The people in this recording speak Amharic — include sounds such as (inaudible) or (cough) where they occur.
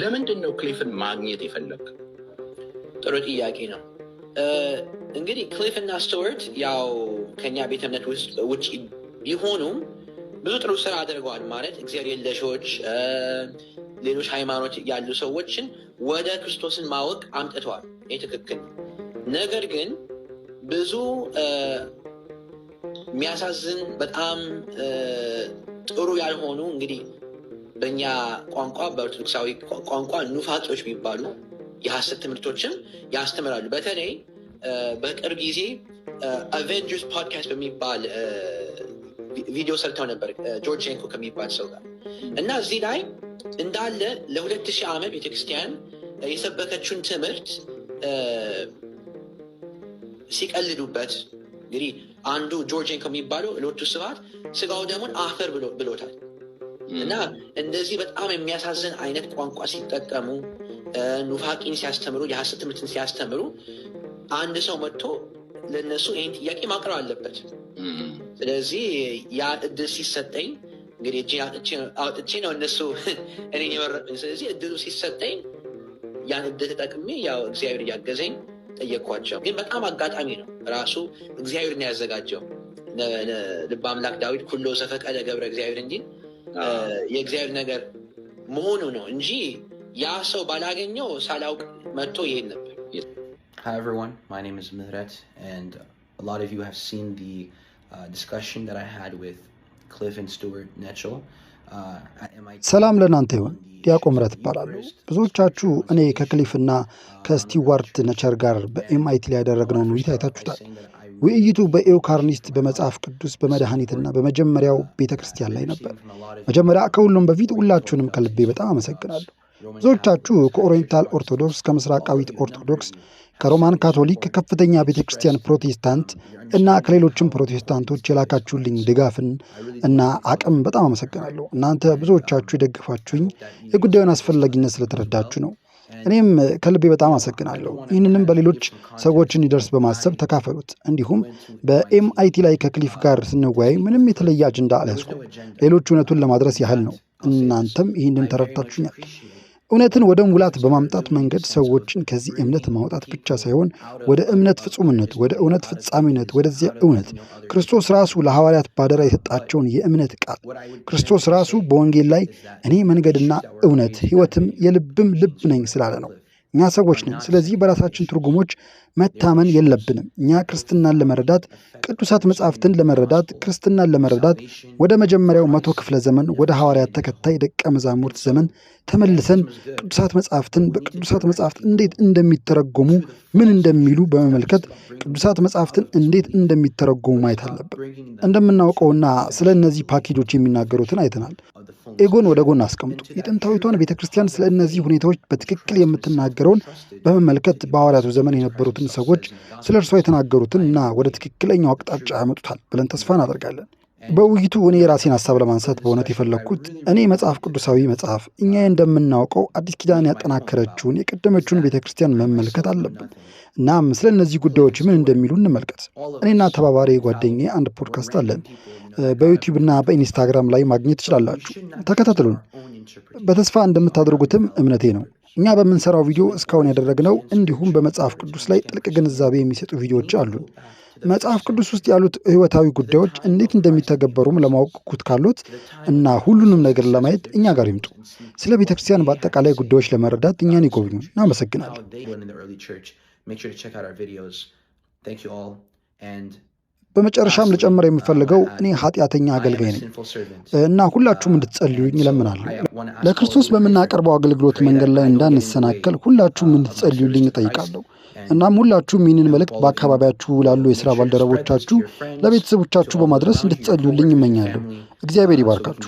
ለምንድን ነው ክሊፍን ማግኘት የፈለግ? ጥሩ ጥያቄ ነው። እንግዲህ ክሊፍ እና ስቱዋርት ያው ከኛ ቤተ እምነት ውጭ ቢሆኑም ብዙ ጥሩ ስራ አድርገዋል። ማለት እግዚአብሔር ለሾች ሌሎች ሃይማኖት ያሉ ሰዎችን ወደ ክርስቶስን ማወቅ አምጥተዋል። ይህ ትክክል። ነገር ግን ብዙ የሚያሳዝን በጣም ጥሩ ያልሆኑ እንግዲህ በእኛ ቋንቋ በኦርቶዶክሳዊ ቋንቋ ኑፋቄዎች የሚባሉ የሀሰት ትምህርቶችን ያስተምራሉ። በተለይ በቅርብ ጊዜ አቬንጀርስ ፖድካስት በሚባል ቪዲዮ ሰርተው ነበር ጆርጅ ሄንኮ ከሚባል ሰው ጋር እና እዚህ ላይ እንዳለ ለሁለት ሺህ ዓመት ቤተክርስቲያን የሰበከችውን ትምህርት ሲቀልዱበት እንግዲህ አንዱ ጆርጅን ከሚባለው የሚባለው ሎቱ ስብሐት ስጋው ደሙን አፈር ብሎታል። እና እንደዚህ በጣም የሚያሳዝን አይነት ቋንቋ ሲጠቀሙ ኑፋቂን ሲያስተምሩ፣ የሐሰት ትምህርትን ሲያስተምሩ አንድ ሰው መጥቶ ለእነሱ ይህን ጥያቄ ማቅረብ አለበት። ስለዚህ ያ እድል ሲሰጠኝ እንግዲህ አውጥቼ ነው እነሱ (laughs) እኔ የመረጡኝ። ስለዚህ እድሉ ሲሰጠኝ ያን እድል ተጠቅሜ ያው እግዚአብሔር እያገዘኝ ጠየኳቸው። ግን በጣም አጋጣሚ ነው፣ ራሱ እግዚአብሔር ነው ያዘጋጀው። ልብ አምላክ ዳዊት ኩሎ ዘፈቀደ ገብረ እግዚአብሔር እንጂ የእግዚአብሔር ነገር መሆኑ ነው እንጂ ያ ሰው ባላገኘው ሳላውቅ መጥቶ ይሄድ ነበር። Hi everyone, my name is Mihret and a lot of you have seen the uh, discussion that I had with Cliff and Stuart Netchell. Uh, ሰላም ለእናንተ ይሁን። ዲያቆን ምረት ይባላሉ። ብዙዎቻችሁ እኔ ከክሊፍና ከስቲዋርት ነቸር ጋር በኤምአይቲ ላይ ያደረግነውን ውይይት አይታችሁታል። ውይይቱ በኤውካርኒስት በመጽሐፍ ቅዱስ በመድኃኒትና በመጀመሪያው ቤተ ክርስቲያን ላይ ነበር። መጀመሪያ ከሁሉም በፊት ሁላችሁንም ከልቤ በጣም አመሰግናለሁ። ብዙዎቻችሁ ከኦሪየንታል ኦርቶዶክስ፣ ከምስራቃዊት ኦርቶዶክስ፣ ከሮማን ካቶሊክ፣ ከከፍተኛ ቤተ ክርስቲያን ፕሮቴስታንት እና ከሌሎችም ፕሮቴስታንቶች የላካችሁልኝ ድጋፍን እና አቅም በጣም አመሰግናለሁ። እናንተ ብዙዎቻችሁ የደግፋችሁኝ የጉዳዩን አስፈላጊነት ስለተረዳችሁ ነው። እኔም ከልቤ በጣም አመሰግናለሁ። ይህንንም በሌሎች ሰዎች እንዲደርስ በማሰብ ተካፈሉት። እንዲሁም በኤምአይቲ ላይ ከክሊፍ ጋር ስንወያይ ምንም የተለየ አጀንዳ አልያዝኩም። ሌሎች እውነቱን ለማድረስ ያህል ነው። እናንተም ይህንን ተረድታችሁኛል። እውነትን ወደ ሙላት በማምጣት መንገድ ሰዎችን ከዚህ እምነት ማውጣት ብቻ ሳይሆን ወደ እምነት ፍጹምነት፣ ወደ እውነት ፍጻሜነት፣ ወደዚያ እውነት ክርስቶስ ራሱ ለሐዋርያት ባደራ የሰጣቸውን የእምነት ቃል ክርስቶስ ራሱ በወንጌል ላይ እኔ መንገድና እውነት ሕይወትም የልብም ልብ ነኝ ስላለ ነው። እኛ ሰዎች ነን። ስለዚህ በራሳችን ትርጉሞች መታመን የለብንም። እኛ ክርስትናን ለመረዳት ቅዱሳት መጻሕፍትን ለመረዳት ክርስትናን ለመረዳት ወደ መጀመሪያው መቶ ክፍለ ዘመን ወደ ሐዋርያት ተከታይ ደቀ መዛሙርት ዘመን ተመልሰን ቅዱሳት መጻሕፍትን በቅዱሳት መጻሕፍት እንዴት እንደሚተረጎሙ ምን እንደሚሉ በመመልከት ቅዱሳት መጻሕፍትን እንዴት እንደሚተረጎሙ ማየት አለብን። እንደምናውቀውና ስለ እነዚህ ፓኬጆች የሚናገሩትን አይተናል። ኤጎን ወደ ጎን አስቀምጡ። የጥንታዊቷን ቤተ ክርስቲያን ስለ እነዚህ ሁኔታዎች በትክክል የምትናገረውን በመመልከት በሐዋርያቱ ዘመን የነበሩትን ሰዎች ስለ እርሷ የተናገሩትን እና ወደ ትክክለኛው አቅጣጫ ያመጡታል ብለን ተስፋ እናደርጋለን። በውይይቱ እኔ የራሴን ሀሳብ ለማንሳት በእውነት የፈለግኩት እኔ መጽሐፍ ቅዱሳዊ መጽሐፍ እኛ እንደምናውቀው አዲስ ኪዳን ያጠናከረችውን የቀደመችውን ቤተ ክርስቲያን መመልከት አለብን። እናም ስለ እነዚህ ጉዳዮች ምን እንደሚሉ እንመልከት። እኔና ተባባሪ ጓደኛ አንድ ፖድካስት አለን። በዩቲዩብና በኢንስታግራም ላይ ማግኘት ትችላላችሁ። ተከታተሉን። በተስፋ እንደምታደርጉትም እምነቴ ነው። እኛ በምንሰራው ቪዲዮ እስካሁን ያደረግነው እንዲሁም በመጽሐፍ ቅዱስ ላይ ጥልቅ ግንዛቤ የሚሰጡ ቪዲዮዎች አሉን። መጽሐፍ ቅዱስ ውስጥ ያሉት ሕይወታዊ ጉዳዮች እንዴት እንደሚተገበሩም ለማወቅ ጉጉት ካሉት እና ሁሉንም ነገር ለማየት እኛ ጋር ይምጡ። ስለ ቤተ ክርስቲያን በአጠቃላይ ጉዳዮች ለመረዳት እኛን ይጎብኙ። እናመሰግናለን። በመጨረሻም ልጨምር የምፈልገው እኔ ኃጢአተኛ አገልጋይ ነኝ እና ሁላችሁም እንድትጸልዩኝ እለምናለሁ። ለክርስቶስ በምናቀርበው አገልግሎት መንገድ ላይ እንዳንሰናከል ሁላችሁም እንድትጸልዩልኝ እጠይቃለሁ። እናም ሁላችሁም ይህንን መልእክት በአካባቢያችሁ ላሉ የሥራ ባልደረቦቻችሁ፣ ለቤተሰቦቻችሁ በማድረስ እንድትጸልዩልኝ ይመኛለሁ። እግዚአብሔር ይባርካችሁ።